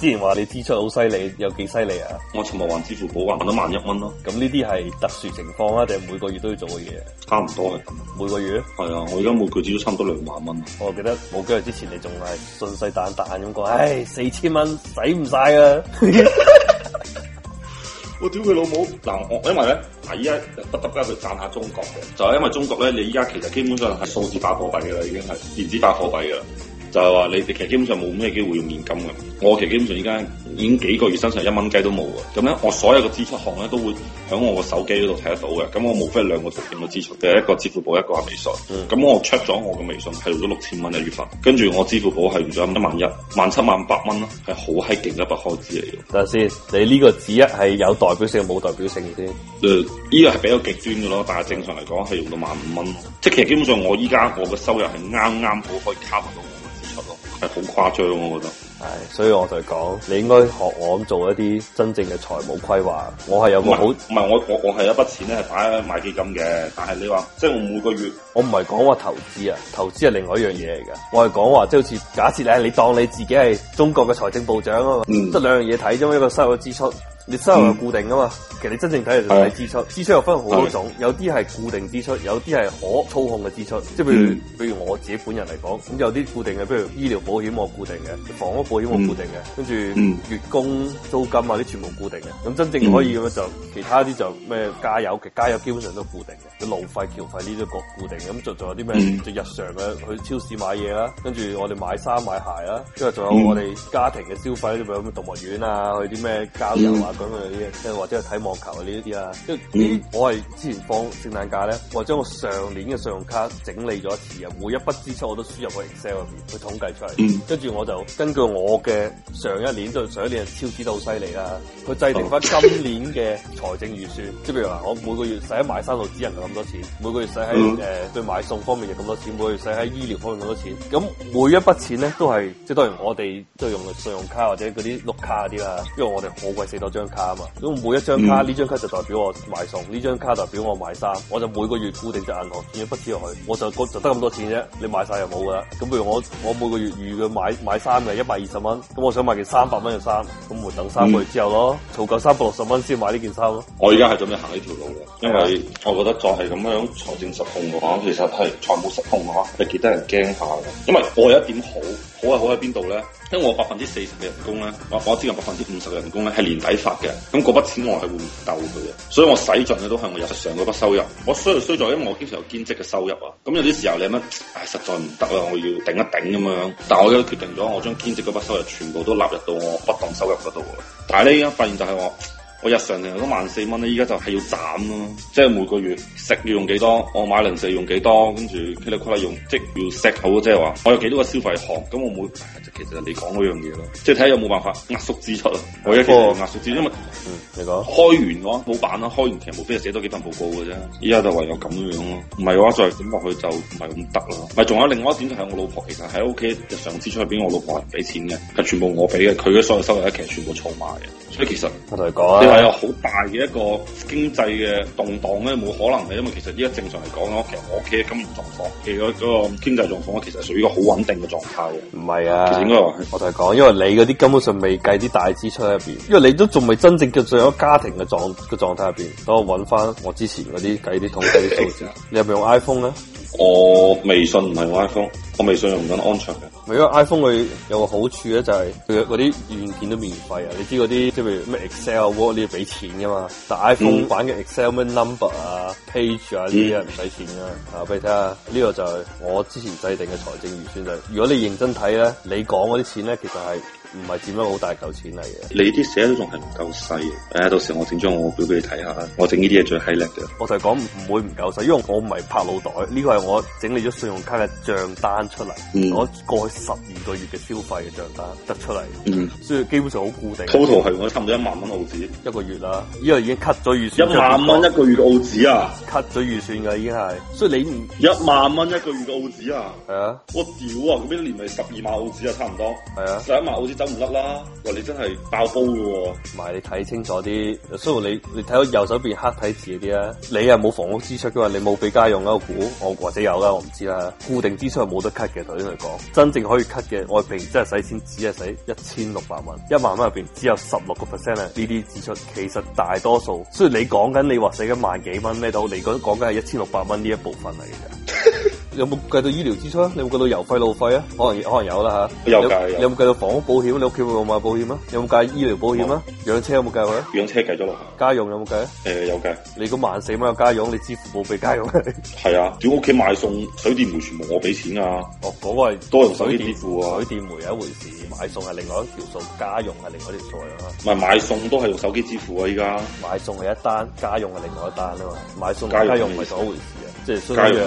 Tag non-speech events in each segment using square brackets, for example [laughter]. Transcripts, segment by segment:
之前話你支出好犀利，有幾犀利啊？我尋日還支付寶還咗萬一蚊咯。咁呢啲係特殊情況啊，定係每個月都要做嘅嘢？差唔多係咁。每個月？係啊，我而家每個月都差唔多兩萬蚊。我記得冇幾日之前你仲係信誓旦旦咁講，唉的，四千蚊使唔晒啊！4, [laughs] 我屌佢老母！嗱，我因為咧，嗱，依家不得不去讚下中國，就係、是、因為中國咧，你依家其實基本上係數字化貨幣噶啦，已經係電子化貨幣噶啦。就係話你哋其實基本上冇咩機會用現金嘅，我其實基本上依家已經幾個月身上一蚊雞都冇嘅，咁咧我所有嘅支出項咧都會喺我個手機嗰度睇得到嘅，咁我無非兩個途徑嘅支出，第一個支付寶一個係微信，咁、嗯、我 check 咗我嘅微信係用咗六千蚊嘅月份，跟住我支付寶係用咗一萬一萬七萬八蚊咯，係好閪勁嘅一筆開支嚟嘅。但下先，你呢個指一係有代表性冇代表性嘅先？誒，依個係比較極端嘅咯，但係正常嚟講係用到萬五蚊。即係其實基本上我依家我嘅收入係啱啱好可以 cover 到我。係好誇張，我覺得係，所以我就講你應該學我咁做一啲真正嘅財務規劃。我係有個好，唔係我我我係有一筆錢咧，係擺喺買基金嘅。但係你話，即係我每個月，我唔係講話投資啊，投資係另外一樣嘢嚟嘅。我係講話，即係好似假設咧，你當你自己係中國嘅財政部長啊嘛，得、嗯、兩樣嘢睇，因為一個收入支出。你收入係固定噶嘛？其實你真正睇嚟就睇支出，哎、支出又分好多種，哎、有啲係固定支出，有啲係可操控嘅支出。即係譬如譬、嗯、如我自己本人嚟講，咁有啲固定嘅，譬如醫療保險我固定嘅，房屋保險我固定嘅，跟住、嗯、月供租金啊啲全部固定嘅。咁真正可以咁、嗯、就其他啲就咩加油嘅加油基本上都固定嘅，路費、橋費呢啲各固定嘅。咁仲仲有啲咩？嗯、就日常嘅去超市買嘢啦，跟住我哋買衫買鞋啦，跟住仲有我哋家庭嘅消費，譬如咩動物園、嗯、啊，去啲咩郊遊啊。講嗰啲即係或者係睇網球啊呢一啲啦，因為我係之前放聖誕假咧，我將我上年嘅信用卡整理咗一次啊，每一筆支出我都輸入去 Excel 入邊去統計出嚟，跟住、嗯、我就根據我嘅上一年即係、就是、上一年超支得好犀利啦，佢制定返今年嘅財政預算，即係譬如話我每個月使喺買衫度只入咁多錢，每個月使喺誒對買餸方面入咁多錢，每個月使喺醫療方面咁多錢，咁每一筆錢咧都係即係當然我哋都係用信用，用卡或者嗰啲碌卡啲啦，因為我哋好鬼死多張。卡啊嘛，咁每一張卡呢、嗯、張卡就代表我買餸，呢張卡代表我買衫，我就每個月固定只銀行存一筆錢落去，我就，就得咁多錢啫，你買晒又冇噶啦。咁譬如我我每個月預嘅買買衫嘅一百二十蚊，咁我想買件三百蚊嘅衫，咁咪等三個月之後咯，儲、嗯、夠三百六十蚊先買呢件衫咯。我而家係準備行呢條路嘅。因為我覺得再係咁樣財政失控嘅話，其實係財務失控嘅話係幾得人驚下。因為我有一點好，好係好喺邊度咧？因為我百分之四十嘅人工咧，我我只有百分之五十嘅人工咧係年底發嘅，咁嗰筆錢我係會斗佢嘅，所以我使盡嘅都係我日常嗰筆收入，我衰就衰在因為我經常有兼職嘅收入啊，咁有啲時候你乜唉實在唔得啊，我要頂一頂咁樣，但係我咧決定咗我將兼職嗰筆收入全部都納入到我不動收入嗰度，但係而家發現就係我。我日常成日都萬四蚊咧，依家就係要斬咯，即係每個月食要用幾多，我買零食用幾多，跟住佢哋佢哋用，即係要食好即係話，我有幾多個消費項，咁我每，其實你講嗰樣嘢咯，即係睇下有冇辦法壓縮支出咯，我一個壓縮支出，因為，嗯，你講，開完咯，老闆咯，開完其實無非係寫多幾份報告嘅啫，依家就唯有咁樣樣咯，唔係嘅話再點落去就唔係咁得啦，咪仲有另外一點就係、是、我老婆其實喺屋企日常支出入邊，我老婆係唔俾錢嘅，係全部我俾嘅，佢嘅所有收入一其實全部儲埋嘅，所以其實我同你講。係有好大嘅一個經濟嘅動蕩咧，冇可能嘅，因為其實依家正常嚟講咧，其實我屋企嘅金融狀況，其嗰嗰個經濟狀況，其實屬於一個好穩定嘅狀態嘅。唔係啊，應該我就係講，因為你嗰啲根本上未計啲大支出喺入邊，因為你都仲未真正叫做一個家庭嘅狀嘅狀態入邊。等我揾翻我之前嗰啲計啲統計啲數字。 [laughs] 你係咪用 iPhone 咧？我微信唔係用 iPhone。我微信用緊安卓嘅，唔係因為 iPhone 佢有個好處咧、就是，就係佢嗰啲軟件都免費啊！你知嗰啲即係咩 Excel、啊、Word 要俾錢噶嘛，但 iPhone 版嘅 Excel、咩 Number 啊、Page 啊呢啲係唔使錢噶，吓俾、嗯啊、你睇下呢個就係我之前制定嘅財政預算就係，如果你認真睇咧，你講嗰啲錢咧其實係唔係佔咗好大嚿錢嚟嘅？你啲寫都仲係唔夠細，誒，到時我整張我表俾你睇下，我整呢啲嘢最犀利嘅。我就係講唔會唔夠細，因為我唔係拍腦袋，呢、這個係我整理咗信用卡嘅賬單。出嚟，我、嗯、過去十二個月嘅消費嘅賬單得出嚟，嗯、所以基本上好固定。Total 係我差唔多一萬蚊澳紙一個月啦、啊，因為已經 cut 咗預算。一萬蚊一個月嘅澳紙啊，cut 咗預算嘅已經係，所以你唔一萬蚊一個月嘅澳紙啊？係啊，我屌啊，咁一年咪十二萬澳紙啊，差唔多係啊，十一、啊、萬澳紙走唔甩啦。喂，你真係爆煲嘅喎、啊，唔係你睇清楚啲，所以你你睇下右手邊黑體字嗰啲啊，你又冇房屋支出嘅話，你冇俾家用啦，我估我或者有啦，我唔知啦，固定支出係冇得。其實頭先嚟，講真正可以 cut 嘅外邊真係使錢，只係使一千六百蚊，一萬蚊入邊只有十六個 percent，咧呢啲支出，其實大多數，雖然你講緊你話使緊萬幾蚊咩都好，你講講緊係一千六百蚊呢一部分嚟嘅。有冇計到醫療支出啊？你計到油費路費啊？可能可能有啦吓。有計有。有冇計到房屋保險啊？你屋企有冇買保險啊？有冇計醫療保險啊？養車有冇計啊？養車計咗落。家用有冇計啊？誒，有計。你個萬四蚊有家用，你支付寶俾家用啊？係啊，叫屋企買餸，水電煤全部我俾錢啊。哦，嗰個係多用手機支付啊。水電煤係一回事，買餸係另外一條數，家用係另外一條數啊。唔係買餸都係用手機支付啊！依家買餸係一單，家用係另外一單啊嘛。買餸家用唔係同一回事啊。即係家用。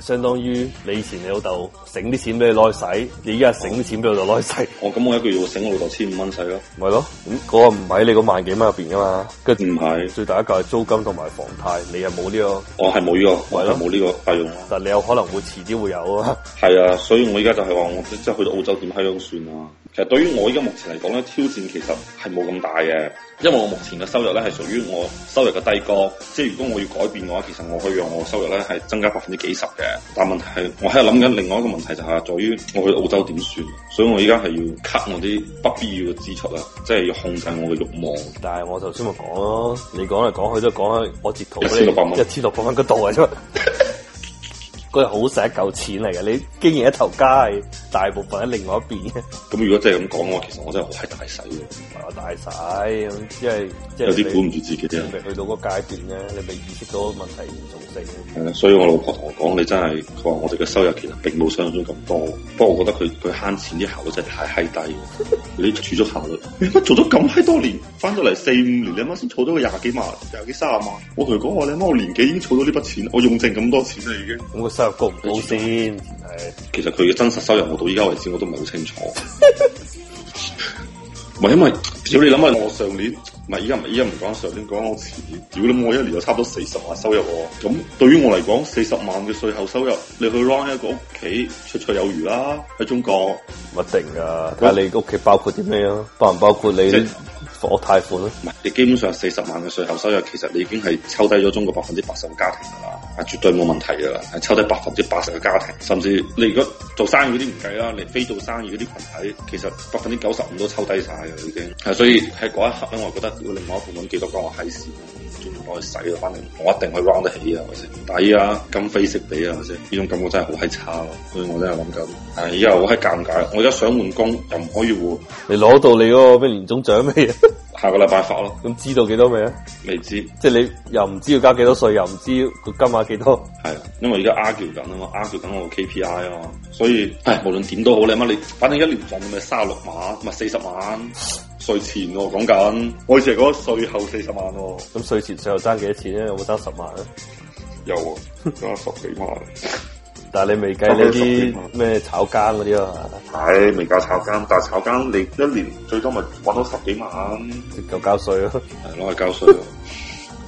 相當於你以前你老豆省啲錢俾你攞去使，你依家省啲錢俾老豆攞去使。啊、 [laughs] 我咁我一個月會，省我老豆千五蚊使咯。咪咯，咁嗰個唔喺你嗰萬幾蚊入邊噶嘛？跟住唔係，是最大一個係租金同埋房貸，你又冇呢個。我係冇呢個，係咯的，冇呢個費用。但係你有可能會遲啲會有啊，係啊， [laughs] 所以我依家就係話，我即係去到澳洲點閪都算啊。其實對於我依家目前嚟講咧，挑戰其實係冇咁大嘅，因為我目前嘅收入咧係屬於我收入嘅低谷。即係如果我要改變嘅話，其實我可以讓我收入咧係增加百分之幾十嘅。但問題係，我喺度諗緊另外一個問題就係，在於我去澳洲點算，所以我而家係要 cut 我啲不必要嘅支出啊，即係要控制我嘅欲望。但係我頭先咪講咯，你講嚟講去都講喺我截圖，一千六百蚊，一千六百蚊嗰度啊，因為嗰好使一嚿錢嚟嘅，你竟然一頭街。大部分喺另外一邊嘅。咁 [laughs] 如果真係咁講嘅話，其實我真係好係大使嘅。我、啊、大使，因為即係有啲管唔住自己啊。你未去到嗰階段咧，你未意識到問題嚴重性、嗯。所以我老婆同我講：你真係，佢話我哋嘅收入其實並冇想象中咁多。不過我覺得佢佢慳錢啲效率真係太閪低。 [laughs] [laughs] 你儲咗效率，你乜、欸、做咗咁閪多年，翻到嚟四五年，你啱先儲到個廿幾萬、廿幾卅萬？我同佢講：我你媽媽我年紀已經儲到呢筆錢，我用剩咁多錢啦已經。我嘅收入高唔高先？係的。其實佢嘅真實收入。到依家為止我都唔係好清楚，唔係 [laughs] 因為屌你諗下， [music] 我上年唔係依家唔依家唔講上年，講我前年，屌諗我，我一年有差唔多四十萬收入喎，咁對於我嚟講，四十萬嘅稅後收入，你去 run 一個屋企綽綽有餘啦，喺中國唔一定噶。睇下你屋企包括啲咩啊？包唔包括你房貸常款啊？唔係，你基本上四十萬嘅稅後收入，其實你已經係抽低咗中國百分之八十嘅家庭啦。絕對冇問題噶啦，係抽低百分之八十嘅家庭，甚至你如果做生意嗰啲唔計啦，你非做生意嗰啲群體，其實百分之九十五都抽低晒噶已經。係、啊、所以喺嗰一刻咧，我覺得另外一部分幾得金我係線，仲可以使咯，反正我一定可以 round 得起啊，係咪先？但依家今非昔比啊，係咪先？呢種感覺真係好閪差咯，所以我真係諗緊。唉、哎，以後我喺尷尬，我而家想換工又唔可以換。你攞到你嗰個咩年終獎咩嘢？ [laughs] 下個禮拜發咯，咁知道幾多未啊？未知，即係你又唔知要交幾多稅，又唔知個金額幾多。係，因為而家 argue 緊啊嘛，argue 緊我 K P I 啊嘛，所以係無論點都好咧，嘛。你反正一年賺到咪卅六萬，咪四十萬稅前我講緊，我以、啊、前係講稅後四十萬。咁稅前稅後爭幾多錢咧？有冇爭十萬咧、啊？有啊，爭 [laughs] 十幾萬。但係你未計嗰啲咩炒金嗰啲啊？係未夠炒金，但係炒金你一年最多咪搵到十幾萬，夠交稅咯。係攞嚟交稅咯。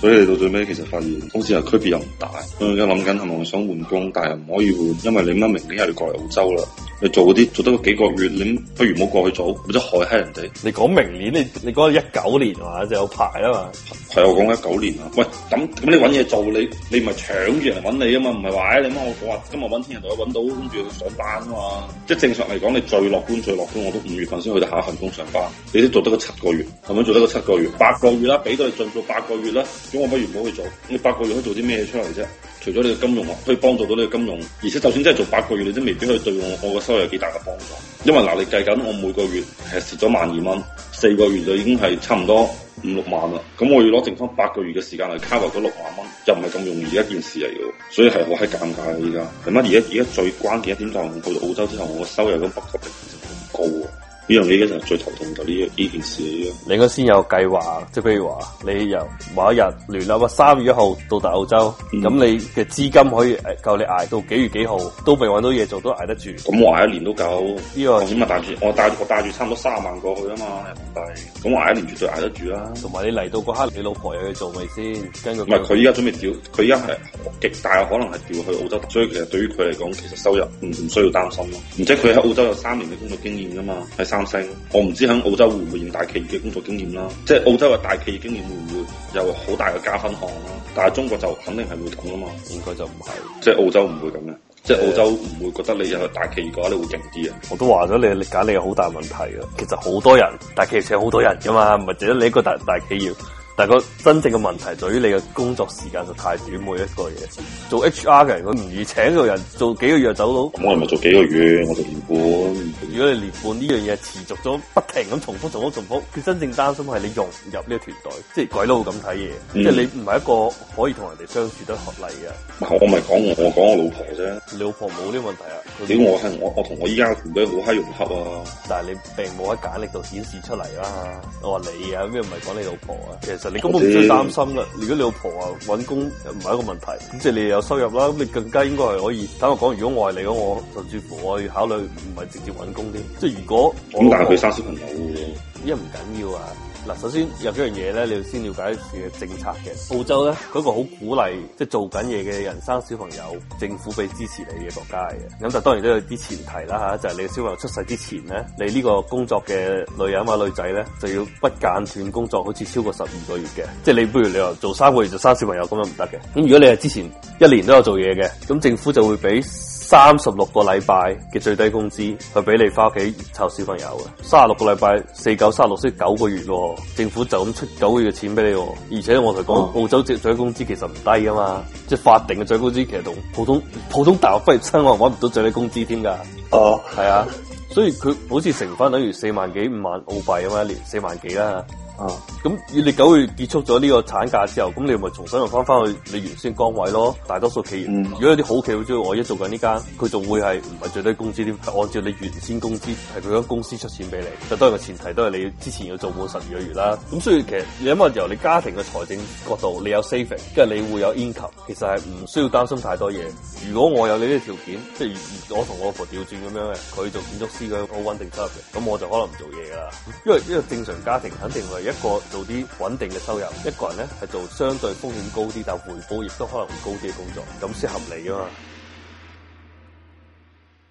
所以你到最尾其實發現好似係區別又唔大。我而家諗緊係咪我想換工，但係唔可以換，因為你啱明年係要過嚟澳洲啦。你做嗰啲做得個幾月，你不如冇過去做，或者害閪人哋。你講明年，你你講一九年啊，就有排啊嘛。係我講一九年啊。喂，咁咁你揾嘢做，你你唔係搶住人揾你啊嘛？唔係話你乜我講話今日揾天日都揾到，跟住去上班啊嘛。即係正常嚟講，你最樂觀最樂觀，我都五月份先去到下一份工上班。你都做得個七個月，係咪做得個七個月？八個月啦，俾到你盡做八個月啦。咁我不如冇去做，你八個月都做啲咩出嚟啫？除咗你個金融，可以幫助到你個金融，而且就算真係做八個月，你都未必可以對我我個收入有幾大嘅幫助。因為嗱、呃，你計緊我每個月係蝕咗萬二蚊，四個月就已經係差唔多五六萬啦。咁、嗯、我要攞剩翻八個月嘅時間嚟 cover 六萬蚊，就唔係咁容易嘅一件事嚟嘅。所以係我係尷尬啦依家。係乜？而家而家最關鍵一點就係我去到澳洲之後，我嘅收入都比較平，咁高。呢樣嘢而家最頭痛到呢呢件事。你應該先有計劃，即係譬如話，你由某一日聯合三月一號到達澳洲，咁、嗯、你嘅資金可以誒夠你捱到幾月幾號都未揾到嘢做都捱得住。咁、嗯、我捱一年都夠。呢、這個點啊帶住我帶我帶住差唔多三十萬過去啊嘛人民幣。咁對捱一年絕對捱得住啦、啊。同埋你嚟到嗰刻，你老婆有嘢做咪先跟？唔係佢依家準備調，佢依家係極大可能係調去澳洲，所以其實對於佢嚟講，其實收入唔唔需要擔心咯。而且佢喺澳洲有三年嘅工作經驗啊嘛，喺三。我唔知喺澳洲會唔會有大企業嘅工作經驗啦，即係澳洲嘅大企業經驗會唔會有好大嘅加分項啦？但係中國就肯定係會咁啊嘛，應該就唔係，即係澳洲唔會咁嘅，的即係澳洲唔會覺得你有大企業嘅話，你會勁啲啊！我都話咗你，你揀你有好大問題啊！其實好多人大企業，成好多人噶嘛，唔係淨得你一個大大企業。但個真正嘅問題，對於你嘅工作時間就太短，每一個嘢做 HR 嘅人，佢唔易請一個人做幾個月走佬。咁、嗯、我唔係做幾個月，我做年半。如果你年半呢樣嘢持續咗，不停咁重複重複重複，佢真正擔心係你融入呢個團隊，即係鬼佬會咁睇嘢。嗯、即係你唔係一個可以同人哋相處得合理嘅。唔係、嗯、我咪講我講我老婆啫。你老婆冇呢個問題你我我啊？如果我係我我同我依家團隊好閪融洽啊。但係你並冇喺簡歷度顯示出嚟啦、啊。我話你啊，咩唔係講你老婆啊？其實。你根本唔需要擔心嘅，如果你老婆話揾工唔係一個問題，咁即係你有收入啦，咁你更加應該係可以。坦白講，如果我係你，我甚至乎我考慮唔係直接揾工添。即係如果咁，但係佢生小朋友，一唔緊要啊。嗱，首先有幾樣嘢咧，你要先了解佢嘅政策嘅。澳洲咧嗰個好鼓勵即係做緊嘢嘅人生小朋友，政府俾支持你嘅國家嘅。咁但係當然都有啲前提啦吓，就係你嘅小朋友出世之前咧，你呢個工作嘅女人啊女仔咧就要不間斷工作，好似超過十二個月嘅，即係你不如你話做三個月就生小朋友咁樣唔得嘅。咁如果你係之前一年都有做嘢嘅，咁政府就會俾。三十六個禮拜嘅最低工資，佢俾你翻屋企湊小朋友嘅，三十六個禮拜四九三十六，需要九個月咯、啊。政府就咁出九個月嘅錢俾你、啊，而且我同佢講澳洲最低工資其實唔低噶嘛，即係法定嘅最低工資，其實同普通普通大學畢業生我係搵唔到最低工資添噶，哦，係、嗯、啊，所以佢好似成翻等於四萬幾五萬澳幣啊嘛，一年四萬幾啦。啊！咁、嗯、你九月結束咗呢個產假之後，咁你咪重新又翻翻去你原先崗位咯。大多數企業，嗯、如果有啲好企好中意我而家做緊呢間，佢仲會係唔係最低工資啲？按照你原先工資，係佢間公司出錢俾你。就當然個前提都係你之前要做滿十二個月啦。咁所以其實你諗下由你家庭嘅財政角度，你有 saving 跟住你會有 income，其實係唔需要擔心太多嘢。如果我有你呢啲條件，即係我同我調轉咁樣嘅，佢做建築師嘅好穩定 job 嘅，咁我就可能唔做嘢啦。因為因為正常家庭肯定係一個做啲穩定嘅收入，一個人咧係做相對風險高啲，但係回報亦都可能高啲嘅工作，咁適合你啊嘛。